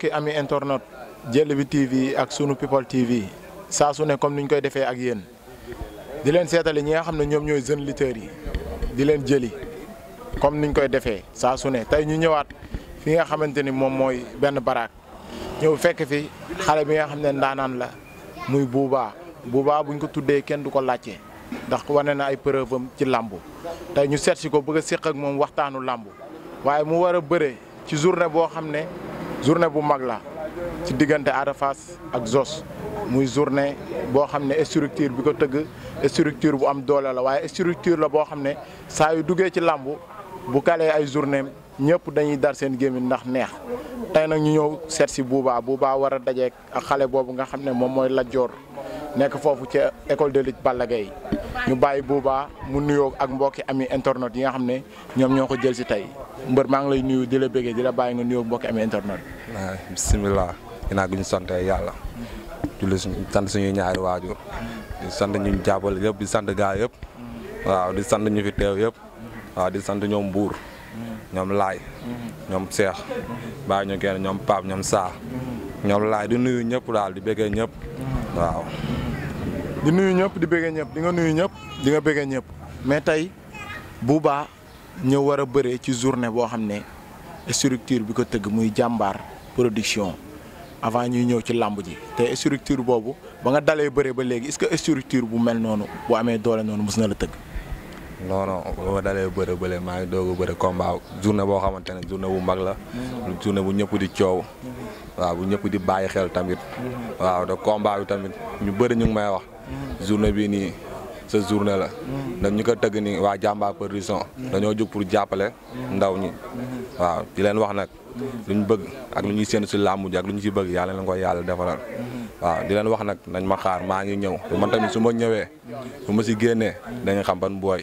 mbokki ami internet Jël bi TV ak sunu People TV saa su ne comme ni ñu koy defee ak yéen di leen seetali ñi nga xam ne ñoom ñooy jeunes lutteurs yi di leen jëli comme niñ koy defee saa su tey ñu ñëwaat fi nga xamante ni moom mooy benn baraak ñëw fekk fi xale bi nga xam ne ndaanaan la muy Bouba Bouba buñ ko tuddee kenn du ko laajte ndax wane na ay preuve ci làmb tey ñu seet ko bëgg a séq ak moom waxtaanu làmb waaye mu war bëre ci journée boo xam ne journée bu mag la ci diggante Ada ak Zoss muy journée boo xam ne structure bi ko tëgg structure bu am doole la waaye structure la boo xam ne saa duggee ci làmb bu kalee ay journée ñëpp dañuy dar seen gémmiñ ndax neex tey nag ñu ñëw seet si Bouba Bouba war a dajeek ak xale boobu nga xam ne moom mooy la joor nekk foofu ci école de lutte Balla Gaye ñu bàyyi Bouba mu nuyoo ak mbokki ami internet yi nga xam ne ñoom ñoo ko jël si tey mbër maa ngi lay nuyu di la bëggee di bàyyi nga nuyoo mbokki ami internet. waaw bisimilah. ginnaaw gi ñu sant yàlla. julli suñu sant suñuy ñaari waajur. di ñu jàppale yëpp di sant gaa yëpp. waaw di sant ñu yëpp. waaw di sant ñoom buur ñoom laay ñoom seex bàyyi ñu kenn ñoom paap ñoom saa ñoom laay di nuyu ñëpp daal di bëggee ñëpp waaw di nuyu ñëpp di bëggee ñëpp di nga nuyu ñëpp di nga beggee ñëpp mais tey Bouba ñëw war a bëree ci journée boo xam ne structure bi ko tëgg muy jàmbaar production avant ñuy ñëw ci làmb ji te structure boobu ba nga dalee bëree ba léegi est-ce que structure bu mel noonu boo amee doole noonu mus na la tëgg non non ba ma dalee bëre bële maa ngi doog a journée boo xamante ne journée bu mag la. journée bu ñëpp di coow. waaw bu ñëpp di bàyyi xel tamit. waaw te combat bi tamit ñu bëri ñu ngi may wax. journée bii nii sa journée la. ndax ñu ko tëgg nii waa Jàmbaar production. dañoo jóg pour jàppale ndaw ñi. waaw di leen wax nag. lu ñu bëgg ak lu ñuy séen si làmb ji ak lu ñu si bëgg yàlla na ko yàlla defaral. waaw di leen wax nag nañ ma xaar maa ngi ñëw man tamit su ma ñëwee su ma si génnee dañu xam ban booy.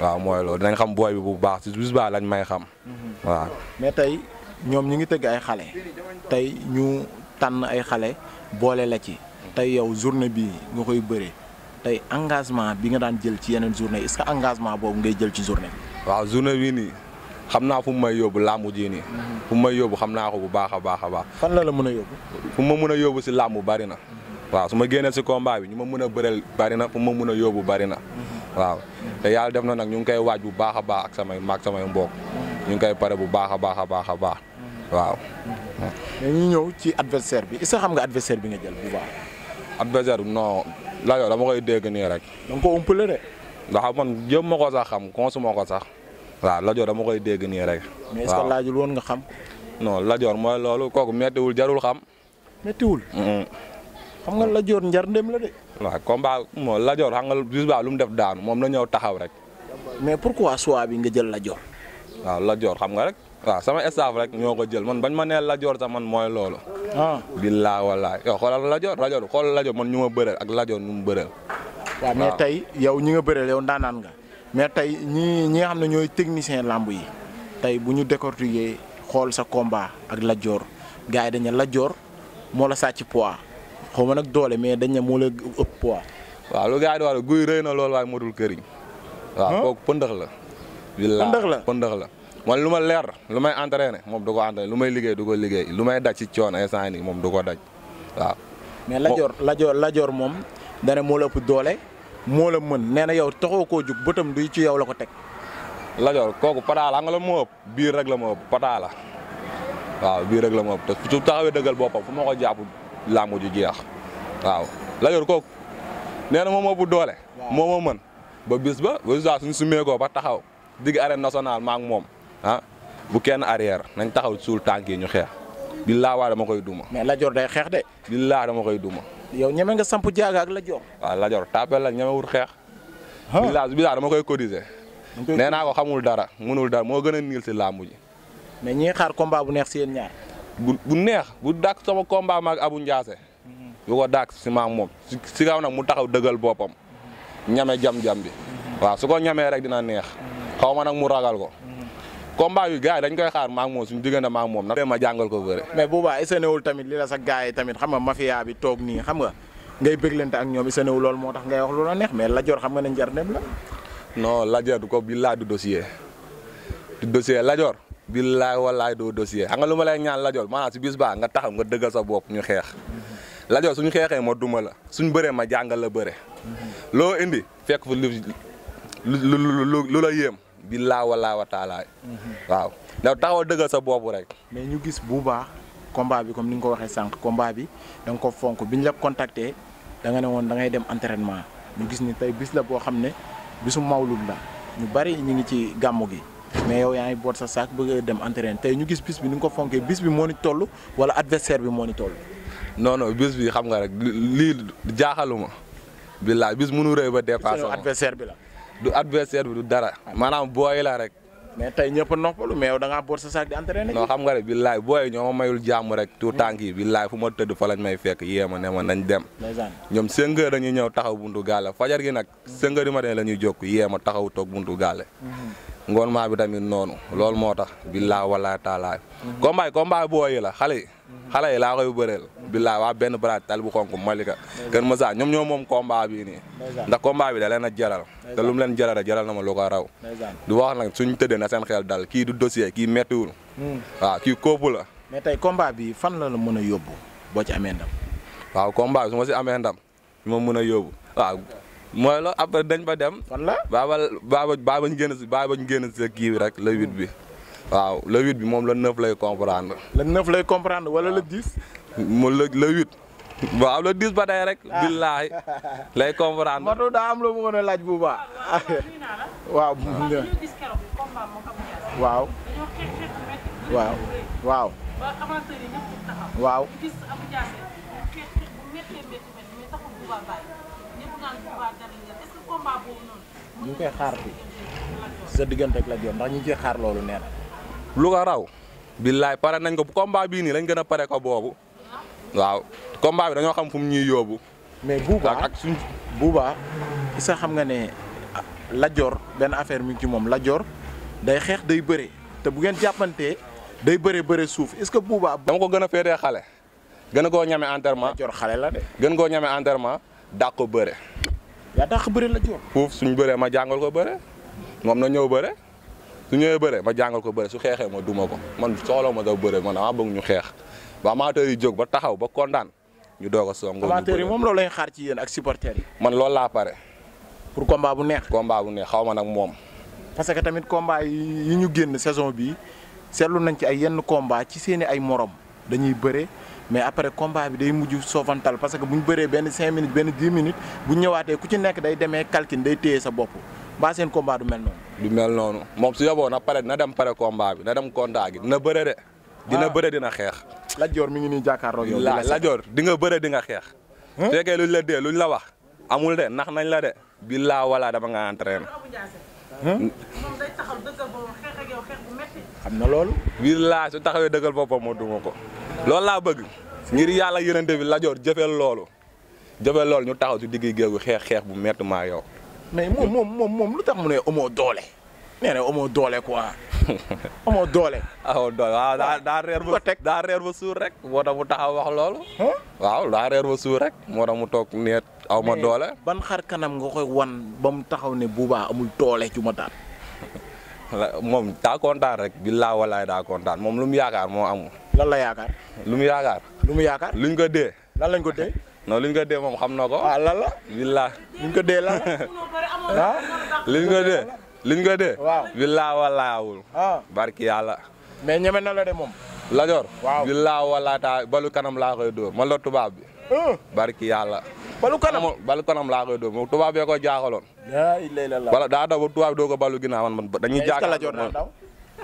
waaw mooy loolu dinañ xam booy bi bu baax si bis baax lañ may xam. waaw mais tey ñoom ñu ngi tëgg ay xale tey ñu tànn ay xale boole la ci tey yow journée bi nga koy bëree tey engagement bi nga daan jël ci yeneen journée est que engagement boobu ngay jël ci journée bi. waaw journée bii nii xam naa fu mu may yóbbu làmb ji nii. fu may yóbbu xam naa ko bu baax a baax a baax. fan la la mën a yóbbu. fu ma mën a yóbbu si làmb bari na. waaw su génnee si combat bi ñu ma mën a bëreel bari na fu ma mun a yóbbu bari na. waaw te yàlla def na nag ñu ngi koy waaj bu baax a baax ak samay maag samay mbokk ñu ngi koy pare bu baax a baax a baax a baax waaw. dañuy ñëw ci adversaire bi est-ce que xam nga adversaire bi nga jël bu baax. adversaire bi non la yow koy dégg rek. da nga ko umpale de. ndax ma ko sax xam consuma ko sax. waaw Lajoor dama koy dégg nii rek. waaw mais est laajul woon nga xam. non Lajoor mooy loolu kooku méttiwul jarul xam. méttiwul. xam nga Lat Dior njar la de. waaw combat moom Lat Dior xam lu mu def daanu moom la ñëw taxaw rek. mais pourquoi choix bi nga jël Lat Dior. waaw Lat xam nga rek. waaw sama staff rek ñoo ko jël man bañ ma nee lajoor Dior sax man mooy loolu. ah billaa wallaa yow xoolal lajoor Dior Lat Dior xoolal ñu ma bëreel ak Lat Dior mu bëreel. waaw mais tey yow ñi nga bëreel yow ndaanaan nga mais tey ñi ñi nga xam ne ñooy technicien làmb yi tey bu ñu décortiquer xool sa combat ak Lat Dior gars yi dañu Lat Dior moo la sàcc poids xaw ma nag doole mais dañ ne moo la ëpp poids. di wax guy rëy na lool waaye moo dul këriñ. waaw kooku pëndax la. pëndax la pëndax la. man lu ma leer lu may entraîné moom du ko entraîné lu may liggéey du ko liggéey lu may daj ci coono instant nii moom du ko daj waaw. mais Lajoor Lajoor Lajoor moom dana moo la doole moola la mën nee na yow taxoo koo jug bëtam du ci yow la ko teg. Lajoor kooku pataala nga la biir rek la moo ëpp pataala waaw biir rek la moo ëpp te su taxawee dëggal ko jàpp làmb ju jeex waaw lajoor kooku nee na moom ma bu doole moo moo mën ba bis ba ba saa suñ sumee ba taxaw digg arène nationale maa moom ah, bu kenn arrière nañ taxaw suul tànk yi ñu xeex billaa waa dama koy duma mais lajoor day xeex de billaa dama koy duma yow ñeme nga samp jaaga ak lajoor waaw lajoor tapel la ñeme wut xeex billaa billaa dama koy cotiser nee naa xamul dara mënul dara moo gën a niil si làmb ji mais ñi xaar combat bu neex si yéen ñaar bu neex bu dak sama combat mak Abu Ndiasse bu mhm. ko dak si mak mom ci gaw nak mu taxaw deugal bopam mhm. ñame jam-jam bi mhm. wa su ko ñame rek dina neex xawma nak mu ragal ko combat yu gaay dañ koy xaar mak mom suñu digënde mak mom nag dama jangal ko gëre mais boobaa tamit lila sa gaay tamit xam nga mafia bi tok ni xam nga ngay bëglante ak ñom isanewul loolu moo tax ngay wax lu la neex mais jor xam nga ne la non du ko bi la du dossier du dossier jor billaay wallaay doo dossier xam nga lu ma lay ñaan lajool maanaam si bis baa nga taxaw nga dëggal sa bopp ñu xeex lajool suñu xeexee ma duma la suñ bëree ma jàngal la bëre loo indi fekk fa lu lu lu la yéem billaay wallaay wa taalaay waaw ndax taxaw dëggal sa bopp rek mais ñu gis bu baax combat bi comme ni nga ko waxee sànq combat bi da nga ko fonk bi ñu la contacté danga ne woon da ngay dem entraînement ñu gis ni tey bis la boo xam ne bisu mawlud la ñu ci gàmmu gi mais yow yaa ngi boot sa sac bëgg dem entraîner tay ñu gis bis bi ni nga ko bis bi mo ni tollu wala adversaire bi mo ni tollu non non bis bi xam nga rek li jaaxaluma bis mënu reuy ba dépassé adversaire bi la. du adversaire bi du dara. manam boy la rek. mais tay ñepp noppalu mais yow da nga boot sa sac di entraîner. non xam nga rek billaay boy ñoo mayul jamm rek. tout temps yi billaay fu ma teud fa lañ may fekk yema neema nañ dem. ñom sengeur dañuy ñew taxaw buntu gaale fajar gi nak sengeur heures du matin la ñuy jóg yéem taxaw toog buntu gaale. Mhm. ngoon maa bi tamit noonu loolu moo tax billaa wala taala combat yi combat booyi la xale yi xale yi laa koy bëreel billaa waa benn baraat tal bu xonk malika kër Moussa ñoom ñoo moom combat bii nii ndax combat bi da leen a jaral te leen jaral jaral na ma lu ko raw du wax nag suñ tëddee na seen xel dal ki du dossier kii méttiwul hmm. waaw kii kóopu la mais tey combat bi fan la la mën a yóbbu boo ci amee ndam waaw combat bi su ma si amee ma mën a yóbbu mooy loolu après dañ ba dem. fan la baaba baaba baaba ñu génn si baaba génn kii bi rek la wit bi. waaw le huit bi moom la neuf lay comprendre. le neuf lay comprendre wala le dix. mu le le huit. waaw le dix ba tey rek. Ah. billaahi lay comprendre. laaj bu baax. ñu ngi koy xaar bi sa diggante ak la joon ndax ñu ngi xaar loolu nee lu ko raw billaay pare nañ ko combat bii nii lañ gën a ko boobu waaw combat bi dañoo xam fu ñuy yóbbu mais buuba ak suñ buuba isa xam nga ne lajoor benn affaire mi ngi ci moom lajoor day xeex day bëre te bu ngeen jàppantee day bëre bëre suuf est ce que buuba dama ko gën la gën yaa tax bëre la joor foofu suñu bëree ma jàngal ko bëre moom na ñëw bëre su ñëwee bëre ma jàngal ko bëre su xeexee ma duma ko man soxla ma da bëre man dama bëgg ñu xeex ba amateur yi jóg ba taxaw ba kontaan ñu doog a song amateur yi moom loolu lay xaar ci yéen ak supporters man loolu laa pare pour combat bu neex combat bu neex xaw ma nag moom parce que tamit combat yi ñu génn saison bi seetlu nañ ci ay yenn combat ci seeni ay morom dañuy bëre mais après combat bi day muju sovantal parce que bu béré ben 5 minutes ben 10 minutes bu ñëwaatee ku ci nekk day démé calcul day téyé sa bopp ba seen combat du mel non du mel non mom su yoboo na paré na dem paré combat bi na dem contact gi na béré dé dina béré dina la ah. Lajoor mi ngi nii jàkkaarloo yow. la Lajoor di nga béré di nga xeex. Hmm? su fekkee luñ la dé luñ la wax amul dé nax nañ la dé billa wala dama nga entraîné. Hmm? moom day taxaw dëggal boppam xeex ak yow xeex bu métti. xam na loolu. billaa su taxawee dëggal boppam moo duma ko loolu laa bëgg. ngir yàlla yërënte bi Lat Dior jëfee loolu jëfee loolu ñu taxaw ci digg géegu xeex xeex bu met maa yow. mais moom moom moom lu tax mu ne amoo doole. nee na doole ko amoo doole. amoo doole waaw daa reer ba suur rek moo tax mu taxaw wax loolu. waaw daa reer ba suur rek moo tax mu toog nee aw ma doole. ban xar kanam nga koy wan ba taxaw ne buubaa amul doole ci ma daan. moom daa kontaan rek billaa walaay daa kontaan moom lu mu yaakaar moo amul. lan la yaakaar. lu mu yaakaar. lu mu yaakaar luñ ko dee. lan lañ ko dee. non luñ ko dee moom xam na ko. ah lan la. bilaa luñ ko dee lan la. ah luñ ko dee. liñ ko dee. waaw bilaa walaawul. ah barki yàlla. mais ñeme na la de moom. Lajor. waaw bilaa walaataa balu kanam laa koy dóor ma la tubaab bi. Ah. barki yàlla. balu kanam balu kanam laa koy dóor moom tubaab bee ko jaaxaloon. yaa illee la la wala daa daw ba tubaab doo ko balu ginnaaw man man dañuy. jaakaar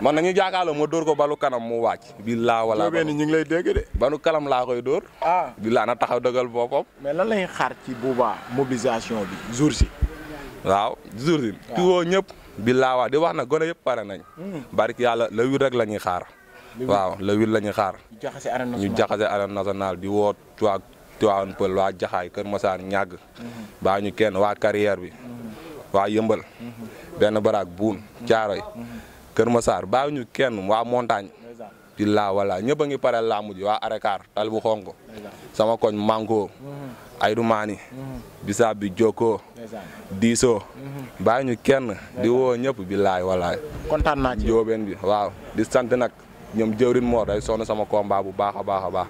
man nañu jaakaarloo ma dóor ko balu kanam mu wàcc. billaa wala ñu ngi lay dégg de. balu kanam laa koy dóor. ah billaa na taxaw dëggal boppam. mais lan lañuy xaar ci boobaa mobilisation bi jour si. waaw jour si. waaw tuwoo ñëpp. billaa waa di wax na gone yëpp pare nañ. Hmm. barki yàlla le huit rek la ñuy xaar. waaw le huit la xaar. ñu jaxase arène nationale ñu jaxase arène nationale di woo waa Tivaouane Peulh waa Jaxaay Kër Massar ñàgg. Hmm. baa ñu kenn waa carrière bi. Hmm. waa Yëmbal. benn baraag buun Caaroy Kër Massar baa ñu kenn waa montagne. billaa wala ñëpp a laa pare laamu ji waa Arekar tal bu xonk sama koñ manko mhm. aydu mhm. bisaab bi jokkoo diisoo mhm. bàyyi ñu kenn di woo ñëpp billaay walaay kontaan naa ci jóobeen bi waaw di sant nag ñoom jëwrin moor day sonn sama combat bu baax a baax a baax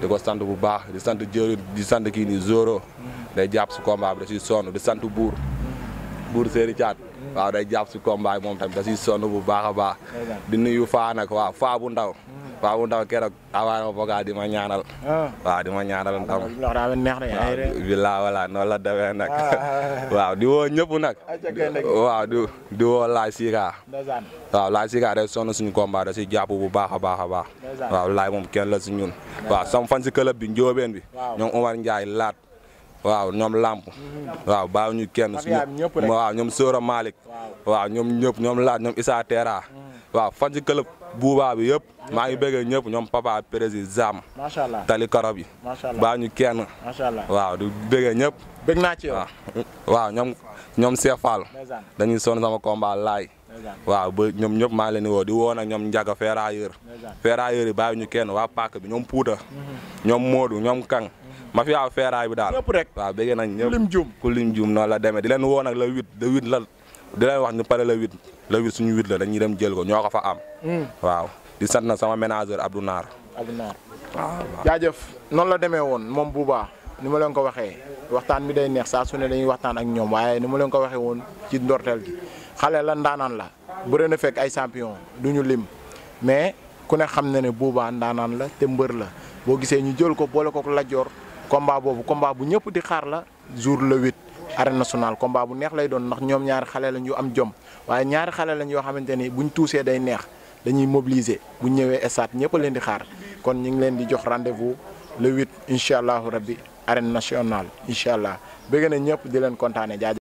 di ko sant bu baax di sant jëwrin di sant kii ni zoro day jàpp si combat bi da si sonn di sant buur buur séeri caat waaw day jàpp si combat yi moom tamit da bu baax a di nuyu faa nag waaw faa bu ndaw faa ndaw keroog avant ma fogaa di ma ñaanal ah. waaw di ma ñaanal ndam bilaa wala noonu la demee nag ah, ah, waaw di woo ñëpp nag waaw di di woo laay siika waaw laay siika day sonn suñu combat jàpp bu baax a baax a baax waaw laay moom kenn la si ñun waaw sam fan si club bi bi ñoom Omar Ndiaye laat waaw ñoom làmp waaw baaw ñu kenn waaw ñoom Sora Malick waaw ñoom ñëpp ñoom laaj ñoom Issa Tera mm. waaw fan ci club buubaa bi yëpp maa ngi bëggee ñëpp ñoom papa président Zam macha allah tali karo bi baa ñu kenn macha allah waaw du ñëpp bëgg naa ci yow waaw ñoom ñoom Cheikh Fall dañuy sonn sama combat laay waaw ba ñoom ñëpp maa leen woo di woo nag ñoom Ndiaga ferrailleur ferrailleur yi bàyyi ñu kenn waa Pàkk bi ñoom Pouta mm-hmm. ñoom Modou ñoom Kang mafia feeraay bi daal ñëpp rek waaw bëggee nañ ñëpp lim juum ku lim juum noonu la demee di leen woo nag la huit le huit la di leen wax ñu pare la huit la huit suñu huit la dañuy dem jël ko ñoo ko fa am hmm. waaw di sant na sama ménageur Abdou Naar Abdou Naar waaw noonu la demee woon moom Bouba ni ma leen ko waxee waxtaan bi day neex saa su ne dañuy waxtaan ak ñoom waaye ni ma leen ko waxee woon ci ndorteel gi xale la ndaanaan la bëre na fekk ay champion du ñu lim mais ku ne xam ne ne Bouba ndaanaan la te mbër la boo gisee ñu jël ko boole ko Lat Dior combat bobu combat bu ñëpp di xaar la jour le arène nationale combat bu neex lay doon ndax ñoom ñaari xalé lañ yu am jom waye ñaari xalé lañ yo xamanteni buñ day neex dañuy mobiliser buñ ñëwé di rendez-vous le 8 Inshallah arène nationale Inshallah di